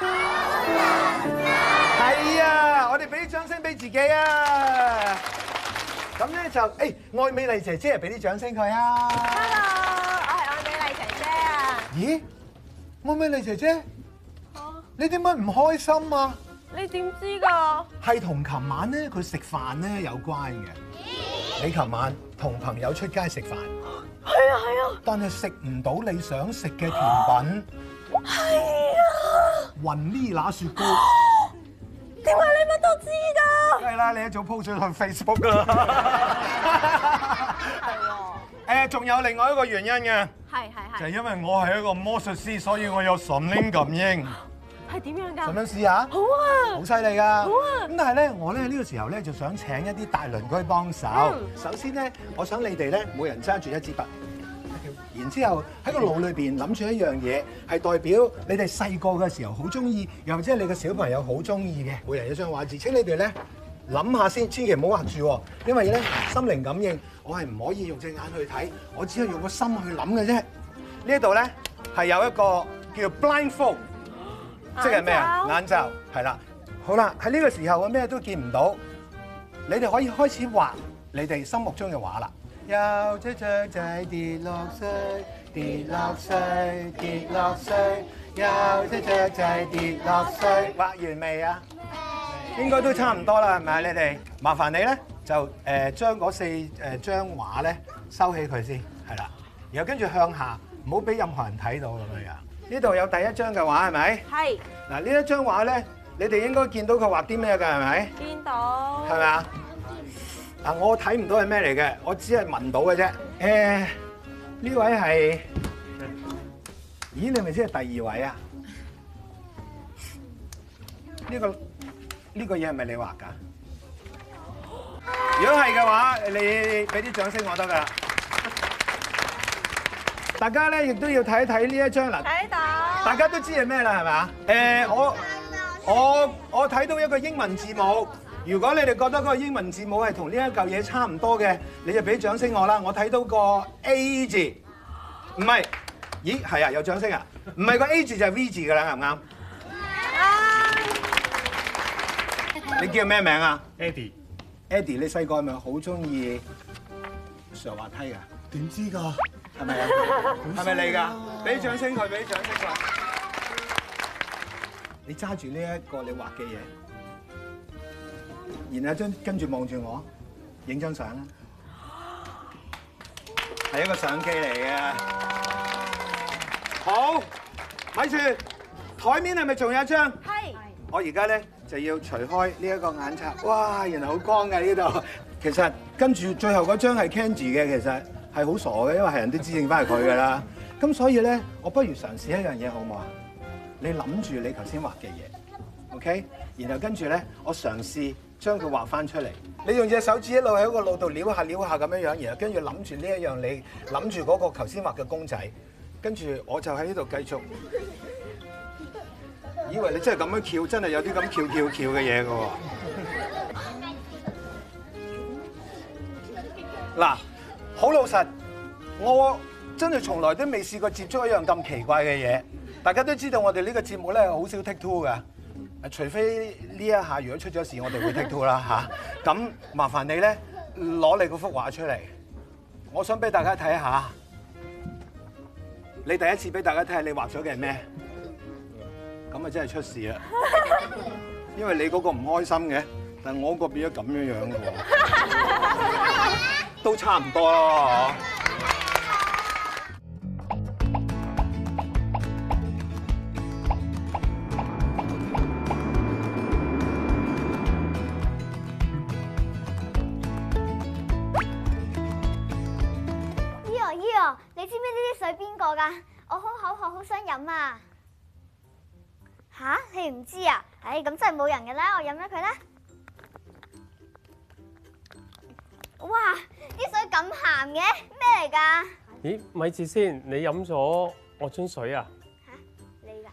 係啊！我哋俾啲掌聲俾自己啊！咁咧就誒，愛美麗姐姐俾啲掌聲佢啊！Hello，我係愛美麗姐姐啊！咦，愛美麗姐姐，你點解唔開心啊？你點知噶？係同琴晚咧，佢食飯咧有關嘅。你琴晚同朋友出街食飯，係啊係啊，啊但係食唔到你想食嘅甜品，係啊。雲呢拿雪糕，點解你乜都知㗎？梗係啦，你一早 post 咗上 Facebook 㗎啦。係喎。誒，仲有另外一個原因嘅。係係係。就係因為我係一個魔術師，所以我有心靈感應。係點樣㗎？噉樣試下。好啊。好犀利㗎。好啊。咁但係咧，我咧呢個時候咧就想請一啲大鄰居幫手。首先咧，我想你哋咧每人揸住一支筆。然之後喺個腦裏邊諗住一樣嘢，係代表你哋細個嘅時候好中意，又或者你嘅小朋友好中意嘅，每人一張畫紙，請你哋咧諗下先，千祈唔好畫住喎，因為咧心靈感應，我係唔可以用隻眼去睇，我只係用個心去諗嘅啫。呢度咧係有一個叫做 blindfold，即係咩啊？眼罩係啦。了好啦，喺呢個時候我咩都見唔到，你哋可以開始畫你哋心目中嘅畫啦。又再雀仔跌落水，跌落水，跌落水。又再雀仔跌落水，畫完未啊？係。應該都差唔多啦，係咪啊？你哋麻煩你咧，就誒將嗰四誒張畫咧收起佢先，係啦。然後跟住向下，唔好俾任何人睇到咁樣樣。呢度有第一張嘅畫係咪？係。嗱，呢一張畫咧，你哋應該見到佢畫啲咩噶係咪？見到。係咪啊？嗱，我睇唔到係咩嚟嘅，我只係聞到嘅啫。誒、呃，呢位係，咦，你咪先係第二位啊？呢、 呢個呢、呢個嘢係咪你畫噶？ 如果係嘅話，你俾啲掌聲我得㗎。 大家咧亦都要睇一睇呢一張啦，睇到。大家都知道係咩啦，係咪啊？誒、嗯呃，我看我看我睇到一個英文字母。如果你哋覺得嗰個英文字母係同呢一嚿嘢差唔多嘅，你就俾掌聲我啦！我睇到個 A 字，唔係，咦，係啊，有掌聲啊！唔係個 A 字就係 V 字㗎喇，啱唔啱？你叫咩名啊？Eddie，Eddie，你細個係咪好鍾意上滑梯啊？點知㗎？係咪？係咪你㗎？俾掌聲佢，俾掌聲佢。你揸住呢一個你畫嘅嘢。然後張跟住望住我，影張相啦。係一個相機嚟嘅。好，睇住。台面係咪仲有一張？係是是。我而家咧就要除開呢一個眼罩。哇！原來好光嘅呢度。其實跟住最後嗰張係 Kenji 嘅，其實係好傻嘅，因為係人都知應翻係佢㗎啦。咁所以咧，我不如嘗試一樣嘢好冇啊？你諗住你頭先畫嘅嘢，OK？然後跟住咧，我嘗試。將佢畫翻出嚟，你用隻手指一路喺個腦度撩下撩下咁樣樣，然後跟住諗住呢一樣，你諗住嗰個頭先畫嘅公仔，跟住我就喺呢度繼續。以為你真係咁樣翹，真係有啲咁翹翹翹嘅嘢嘅喎。嗱，好老實，我真係從來都未試過接觸一樣咁奇怪嘅嘢。大家都知道我哋呢個節目咧，好少 take two 噶。除非呢一下如果出咗事，我哋會剔到啦吓。咁麻煩你咧，攞你嗰幅畫出嚟，我想俾大家睇下。你第一次俾大家睇下，你畫咗嘅係咩？咁啊真係出事啦，因為你嗰個唔開心嘅，但係我個變咗咁樣樣喎，都差唔多啊。我好口渴，好想飲啊！吓、啊，你唔知啊？唉、哎，咁真係冇人嘅啦，我飲咗佢啦。哇，啲水咁鹹嘅，咩嚟噶？咦，咪住先，你飲咗我樽水啊？吓，你噶？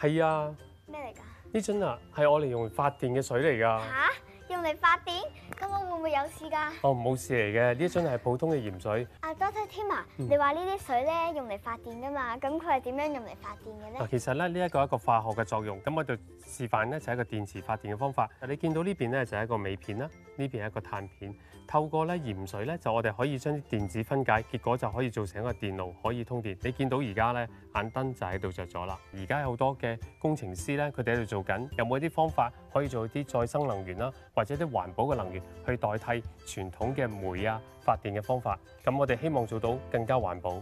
係啊。咩嚟噶？呢樽啊，係我嚟用嚟發電嘅水嚟噶。吓、啊？用嚟發電，咁我會唔會有事噶？哦，冇事嚟嘅，呢樽係普通嘅鹽水。啊，Doctor Tim 啊！啊啊你話呢啲水咧用嚟發電噶嘛？咁佢係點樣用嚟發電嘅咧？嗱，其實咧呢一個係一個化學嘅作用，咁我哋示範咧就係一個電池發電嘅方法。你見到呢邊咧就係一個鎂片啦，呢邊係一個碳片。透過咧鹽水咧，就我哋可以將啲電子分解，結果就可以做成一個電路可以通電。你見到而家咧，眼燈就喺度着咗啦。而家有好多嘅工程師咧，佢哋喺度做緊有冇一啲方法可以做啲再生能源啦，或者啲環保嘅能源去代替傳統嘅煤啊發電嘅方法。咁我哋希望做到更加環保。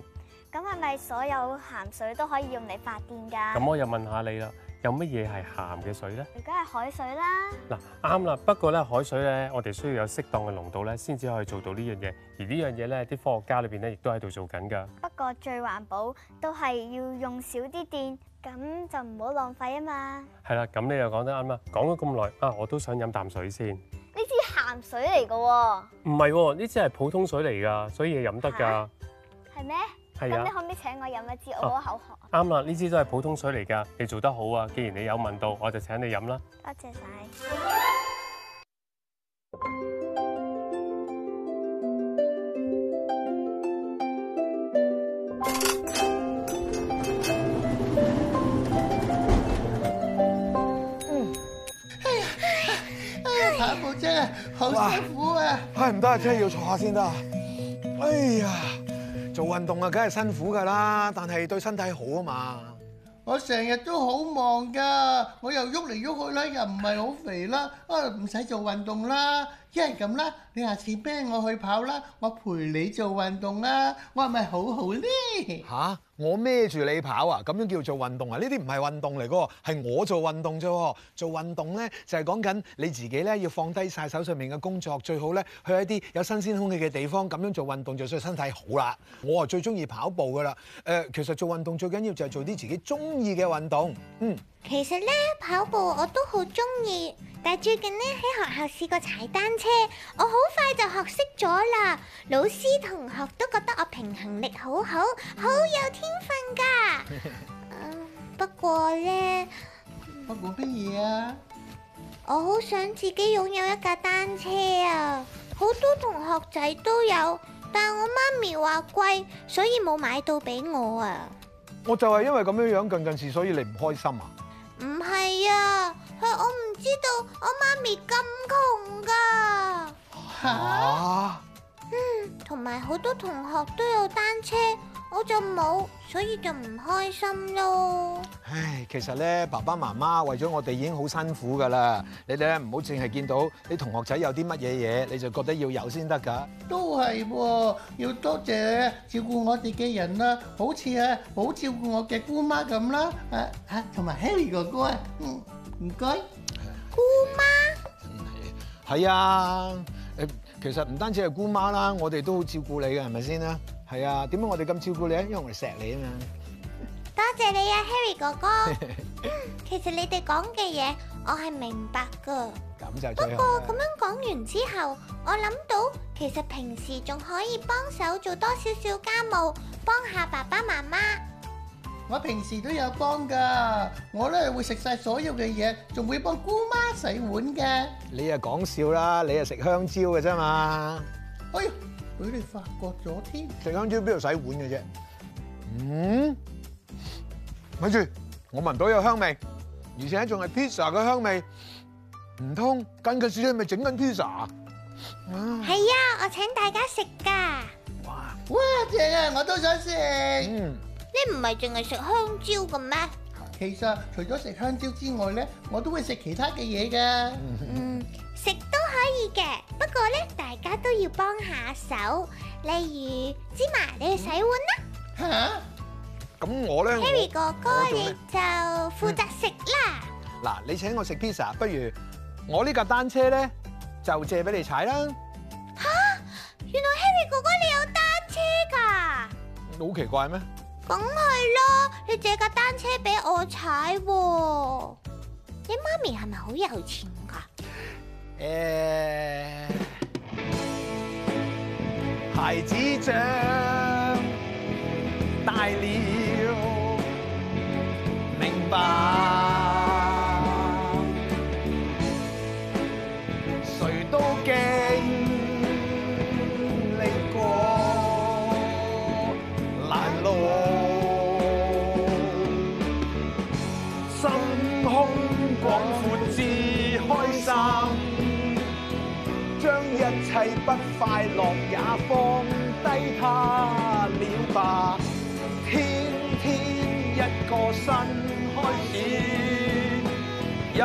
咁係咪所有鹹水都可以用嚟發電㗎？咁我又問下你啦。有乜嘢係鹹嘅水咧？梗係海水啦。嗱、啊，啱啦。不過咧，海水咧，我哋需要有適當嘅濃度咧，先至可以做到呢樣嘢。而這件事呢樣嘢咧，啲科學家裏邊咧，亦都喺度做緊噶。不過最環保都係要用少啲電，咁就唔好浪費啊嘛。係啦、啊，咁你又講得啱啦。講咗咁耐啊，我都想飲啖水先。呢支鹹水嚟噶、哦？唔係、啊，呢支係普通水嚟噶，所以要飲得噶。係咩？啱是、啊、你可唔可以請我飲一支我口渴？啱啦、哦，呢支都係普通水嚟㗎。你做得好啊！既然你有問到，我就請你飲啦。多謝晒。嗯，哎呀，爬冇正，哎呀啊、好辛苦啊！哎，唔得，真係要坐下先得。哎呀！做運動啊，梗係辛苦㗎啦，但係對身體好啊嘛。我成日都好忙㗎，我又喐嚟喐去啦，又唔係好肥啦，啊唔使做運動啦。一係咁啦，你下次孭我去跑啦，我陪你做運動啦，我係咪好好呢？吓、啊？我孭住你跑啊，咁樣叫做運動啊？呢啲唔係運動嚟噶喎，係我做運動啫喎。做運動呢，就係講緊你自己呢，要放低晒手上面嘅工作，最好呢，去一啲有新鮮空氣嘅地方，咁樣做運動就對身體好啦。我啊最中意跑步噶啦、呃。其實做運動最緊要就係做啲自己中意嘅運動，嗯。其實咧，跑步我都好中意，但係最近呢，喺學校試過踩單車，我好快就學識咗啦。老師同學都覺得我平衡力好好，好有天分噶。 不過呢，不過乜嘢啊？我好想自己擁有一架單車啊！好多同學仔都有，但我媽咪話貴，所以冇買到俾我啊。我就係因為咁樣樣近近視，所以你唔開心啊？唔係啊，係我唔知道我媽咪咁窮㗎。嚇！嗯，同埋好多同學都有單車。我就冇，所以就唔開心咯。唉，其實咧，爸爸媽媽為咗我哋已經好辛苦噶啦。你哋唔好淨係見到你同學仔有啲乜嘢嘢，你就覺得要有先得噶。都係、啊，要多謝照顧我哋嘅人啦，好似啊，好照顧我嘅姑媽咁啦，誒、啊，吓，同埋 Harry 哥哥、嗯、媽啊，唔該，姑媽，真係，係啊，誒，其實唔單止係姑媽啦，我哋都好照顧你嘅，係咪先啊？係啊，點解我哋咁照顧你咧？因為我哋錫你啊嘛。多謝你啊，Harry 哥哥。其實你哋講嘅嘢，我係明白㗎。咁就～不過咁樣講完之後，我諗到其實平時仲可以幫手做多少少家務，幫下爸爸媽媽。我平時都有幫㗎，我咧會食晒所有嘅嘢，仲會幫姑媽洗碗嘅。你啊講笑啦，你啊食香蕉嘅啫嘛。哎呀！佢哋發覺咗添，食香蕉邊度洗碗嘅啫？嗯，咪住，我聞到有香味，而且仲係披薩嘅香味，唔通近嘅樹咧咪整緊披薩啊？係啊，我請大家食㗎。哇哇正啊！我都想食。嗯，你唔係淨係食香蕉嘅咩？其實除咗食香蕉之外咧，我都會食其他嘅嘢㗎。嗯，食多。可以嘅，不過咧，大家都要幫下手。例如芝麻，你去洗碗啦。咁、啊、我咧？Harry 哥哥你就負責食啦。嗱、嗯，你請我食 pizza，不如我呢架單車咧就借俾你踩啦。吓、啊？原來 Harry 哥哥你有單車噶？好奇怪咩？梗係咯，你借架單車俾我踩喎、啊。你媽咪係咪好有錢噶？誒，Yeah. 孩子長大了，明白。不快樂也放低它了吧，天天一個新開始，人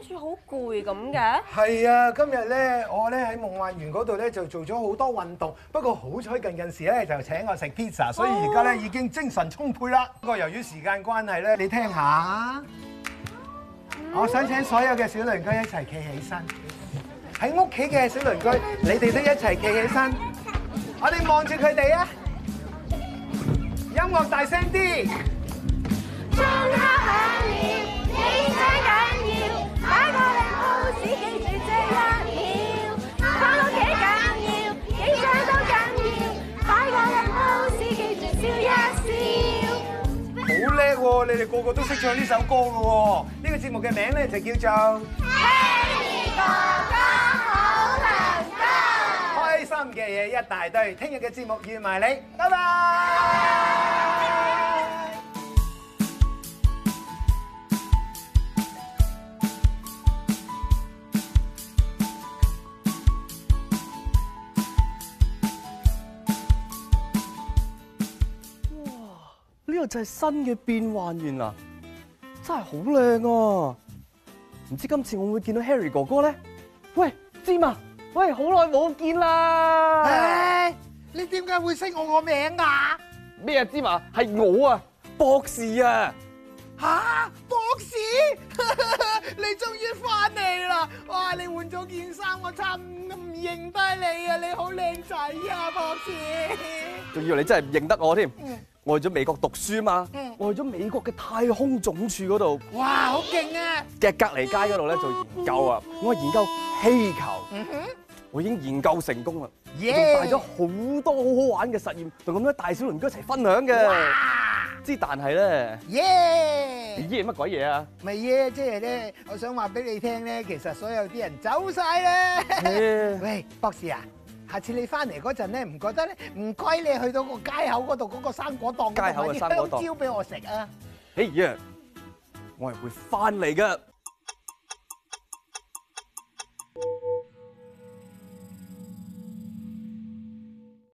好似好攰咁嘅，係啊！今日咧，我咧喺夢幻園嗰度咧就做咗好多運動，不過好彩近近時咧就請我食 pizza，所以而家咧已經精神充沛啦。不過由於時間關係咧，你聽下，我想請所有嘅小鄰居一齊企起身，喺屋企嘅小鄰居，你哋都一齊企起身，我哋望住佢哋啊！音樂大聲啲，張家輝。個個都識唱呢首歌噶喎，呢個節目嘅名咧就叫做《Harry 哥哥好玩得》，開心嘅嘢一大堆，聽日嘅節目要埋你，拜拜。就係、是、新嘅變幻園啦，真係好靚啊！唔知今次我會唔會見到 Harry 哥哥咧？喂，芝麻，喂，好耐冇見啦！你點解會識我個名啊？咩啊，芝麻係我啊，博士啊，啊！吓，博士，你終於翻嚟啦！哇，你換咗件衫，我真唔認得你啊！你好靚仔啊，博士！仲以為你真係唔認得我添？我去咗美國讀書嘛，我去咗美國嘅太空總署嗰度，哇，好勁啊！喺隔離街嗰度咧做研究啊，我研究氣球，我已經研究成功啦，仲帶咗好多好好玩嘅實驗，同咁多大小鄰居一齊分享嘅。之但係咧，耶，耶乜鬼嘢啊？咪耶，即係咧，我想話俾你聽咧，其實所有啲人走曬啦。喂，博士啊！下次你返嚟嗰陣咧，唔覺得咧？唔該，你去到個街口嗰度嗰個生果檔，你咪可以香蕉俾我食啊！哎、hey yeah, 我係會返嚟㗎。